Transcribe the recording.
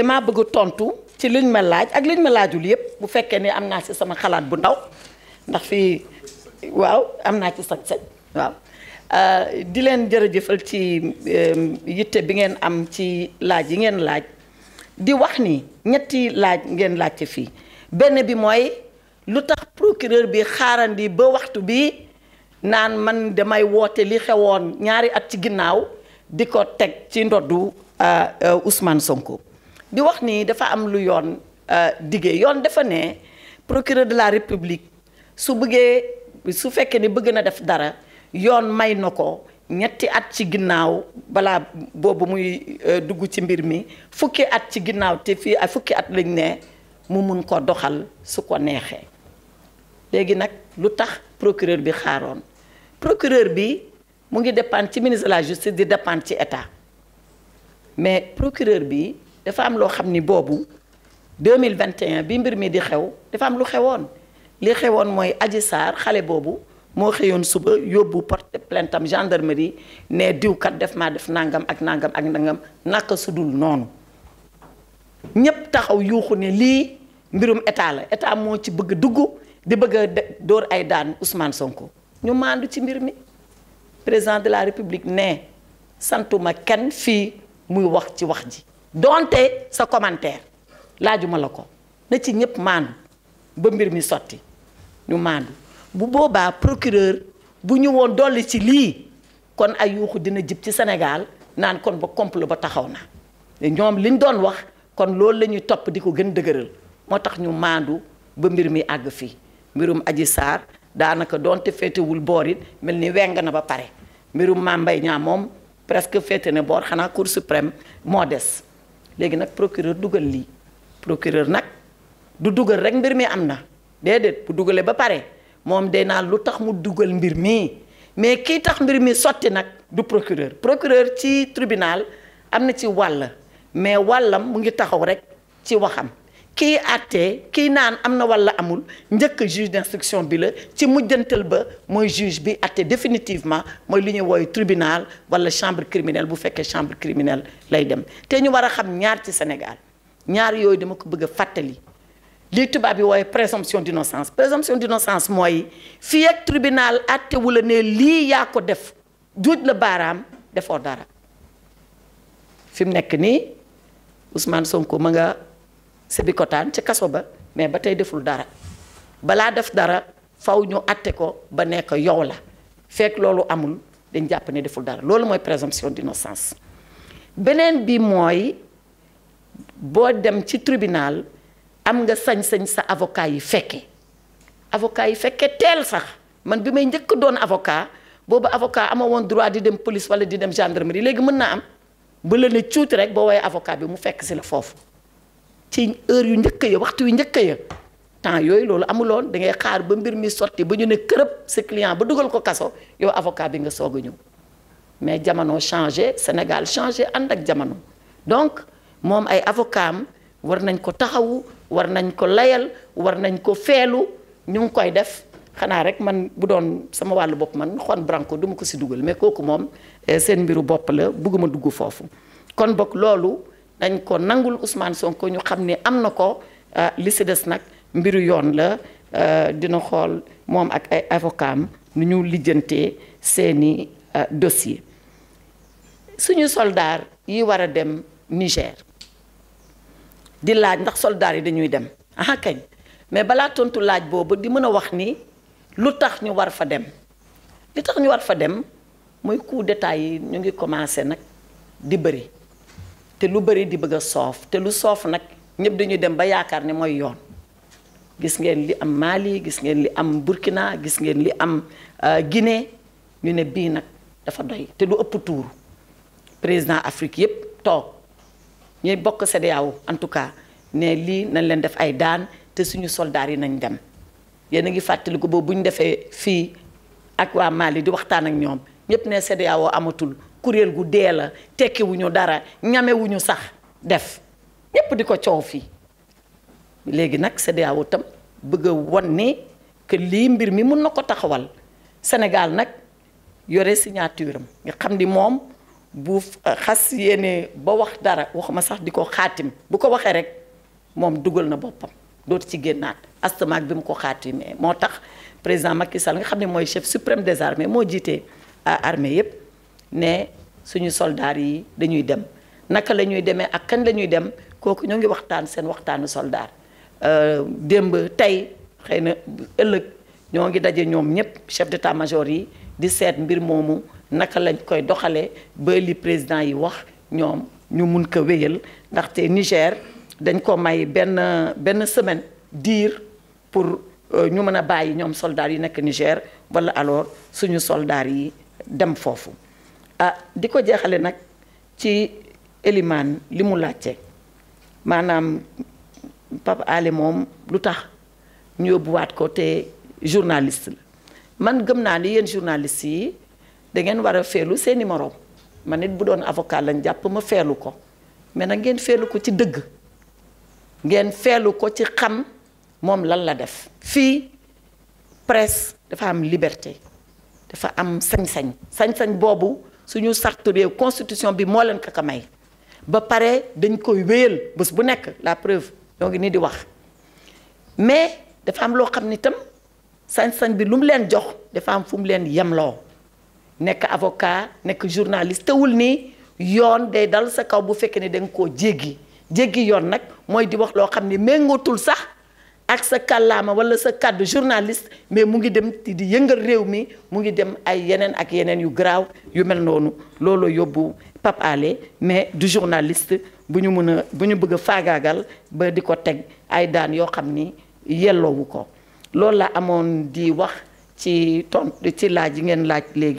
damaa bëgg a tontu ci liñ ma laaj ak liñ ma laajul yëpp bu fekkee ne am naa ci sama xalaat bu ndaw ndax fii waaw am naa ci sañ-sañ waaw euh, di leen jërëjëfal ci euh, yitte bi ngeen am ci laaj yi ngeen laaj di wax ni ñetti laaj ngeen laajte fii benn bi mooy lu tax procureur bi xaarandi ba waxtu bi naan man damay woote li xewoon ñaari at ci ginnaaw di ko teg ci ndoddu euh, Ousmane Sonko. di wax nii dafa am lu yoon euh, diggee yoon dafa ne procureur de la république su bëggee su fekkee ni bëgg na def dara yoon may na ko ñetti at ci ginnaaw balaa boobu muy euh, dugg ci mbir mi fukki at ci ginnaaw te fii ay fukki at lañ ne mu mun ko doxal su ko neexee léegi nag lu tax procureur bi xaaroon procureur bi mu ngi dépendre ci ministre de la justice di dépendre ci état mais procureur bi dafa am loo xam ni boobu 2021 bi mbir mi di xew dafa am lu xewoon li xewoon mooy Adji Sarr xale boobu moo xëyoon suba yóbbu porte plainte am gendarmerie ne diwkat def maa def nangam ak nangam ak nangam naka sudul noonu ñépp taxaw yuuxu ne lii mbirum état la état moo ci bëgg dugg di bëgg a dóor ay daan Ousmane Sonko ñu maandu ci mbir mi président de la république ne santuma kenn fii muy wax ci wax ji donte sa commentaire laajuma la ko na ci ñëpp maandu ba mbir mi sotti ñu maandu bu boobaa procureur bu ñu woon dolli ci lii kon ay yuuxu dina jib ci Sénégal naan kon ba complot ba taxaw na ñoom liñ doon wax kon loolu la ñuy topp di ko gën dëgëral moo tax ñu maandu ba mbir mi àgg fii mbirum Adji Sarr daanaka donte féetewul boor it mel ni weng na ba pare mbirum Mame Mbaye Niang moom presque féete ne boor xanaa Cour suprême moo des léegi nag procureur dugal lii procureur nag du dugal rek mbir mi am na déedéet bu dugalee ba pare moom day naan lu tax mu dugal mbir mii mais kiy tax mbir mi sotti nag du procureur procureur ci tribunal am na ci wàll mais wàllam mu ngi taxaw rek ci waxam kii àttee kii naan am na walla amul njëkk juge d'instruction bi la ci mujjantal ba mooy juge bi àtte definitivement mooy li ñuy wooyu tribunal walla chambre criminelle bu fekkee chambre criminelle lay dem te ñu war a xam ñaar ci Sénégal ñaar yooyu dama ko bëgg a fàttali li tubaab bi wooye présomption d'innocence présomption d'innocence mooy fii ak tribunal àtte wu la ne lii yaa ko def juuj la baaraam defoo dara fi nekk nii Ousmane Sonko ma nga Sébikotane ca kaso ba mais ba tey deful dara balaa def dara faw ñu atte ko ba nekk yow la fekk loolu amul dañ jàpp ne deful dara loolu mooy présomption d'innocence beneen bi mooy boo dem ci tribunal am nga sañ-sañ sa avocat yi fekke avocat yi fekke teel sax man bi may njëkk doon avocat boobu avocat ama woon droit di dem police wala di dem gendarmerie léegi mën naa am ba la ne cuuti rek boo woowee avocat bi mu fekk si la foofu ci heure yu njëkk ya waxtu yu njëkk ya temps yooyu loolu amuloon dangay xaar ba mbir mi sotti ba ñu ne kërëb sa client ba dugal ko kaso yow avocat bi nga soog a ñëw mais jamono changé Sénégal changé ànd ak jamono donc moom ay avocat am war nañ ko taxawu war nañ ko layal war nañ ko feelu ñu ngi koy def xanaa rek man bu doon sama wàllu bopp man xon branco duma ko si dugal mais kooku moom eh, seen mbiru bopp la bugguma dugg foofu kon bokk loolu dañ ko nangul Ousmane Sonko ñu xam ni am na ko euh, li si des nag mbiru yoon la euh, dina xool moom ak ay avocat am nu ñu lijjante seeni euh, dossier suñu soldaar yi war a dem Niger di laaj ndax soldaar yi dañuy dem aha kañ mais balaa tontu laaj boobu di mën a wax ni lu tax ñu war fa dem li tax ñu war fa dem mooy coup d'état yi ñu ngi commencé nag di bëri te lu bëri di bëgg a soof te lu soof nag ñëpp dañuy dem ba yaakaar ni mooy yoon gis ngeen li am maali gis ngeen li am Burkina gis ngeen li am euh, Guinée ñu ne bii nag dafa doy te lu ëpp tuuru président Afrique yépp toog ñuy bokk CEDEAO en tout cas ne lii nañ leen def ay daan te suñu soldaar yi nañ dem yéen a ngi fàttaliku boobu bu ñu defee fii ak waa maali di waxtaan ak ñoom ñëpp ne CEDEAO amatul kuréel gu dee la tekkiwuñu dara ñamewuñu sax def ñépp di ko coow fii léegi nag CEDEAO tam bëgg a wan ne que lii mbir mi mun na ko taxawal Sénégal nag yore signature am nga xam ni moom bu euh, xas yéene ba wax dara ma sax di ko xaatim bu ko waxee rek moom dugal na boppam dootu ci génnaat astamaak bi mu ko xaatimee moo tax président Macky Sall nga xam ne mooy chef suprême des armées moo jiitee euh, armée yépp ne suñu soldaar yi dañuy dem naka la ñuy demee ak kañ la ñuy dem kooku ñoo ngi waxtaan seen waxtaanu soldaar euh, démb tey xëy na ëllëg ñoo ngi daje ñoom ñëpp chef d'état-major yi di seet mbir moomu naka lañ koy doxalee ba li président yi wax ñoom ñu mun ko wéyal ndaxte Niger dañ ko may benn benn semaine diir pour euh, ñu mën a bàyyi ñoom soldats yi nekk Niger wala alors suñu soldats yi dem foofu. ah di ko jeexale nag ci Elimaan li mu laajte maanaam Pape Alé moom lu tax ñu yóbbuwaat ko te journaliste la man gëm naa ni yéen journaliste yi da ngeen war a feelu seeni moroom man nit bu doon avocat lañ jàpp ma feelu ko mais nag ngeen feelu ko ci dëgg ngeen feelu ko ci xam moom lan la def fii presse dafa am liberté dafa am sañ-sañ sañ-sañ boobu suñu charte réew constitution bi moo leen kaka may ba pare dañ koy wéyal bés bu nekk la preuve ñoo ngi nii di wax mais dafa am loo xam ni itam sañ bi lu mu leen jox dafa am fu mu leen yemloo nekk avocat nekk journaliste wul nii yoon day dal sa kaw bu fekkee ne danga nga koo jéggi jéggi yoon nag mooy di wax loo xam ni méngootul sax ak sa kàllaama walla sa kàddu journaliste mais mu ngi dem di yëngal réew mi mu ngi dem ay yeneen ak yeneen yu garaaw yu mel noonu looloo yóbbu Pape mais du journaliste bu ñu mën a bu ñu bëgg a faagaagal ba di ko teg ay daan yoo xam ni yelloowu ko loolu la amoon di wax ci ton ci laaj yi ngeen laaj léegi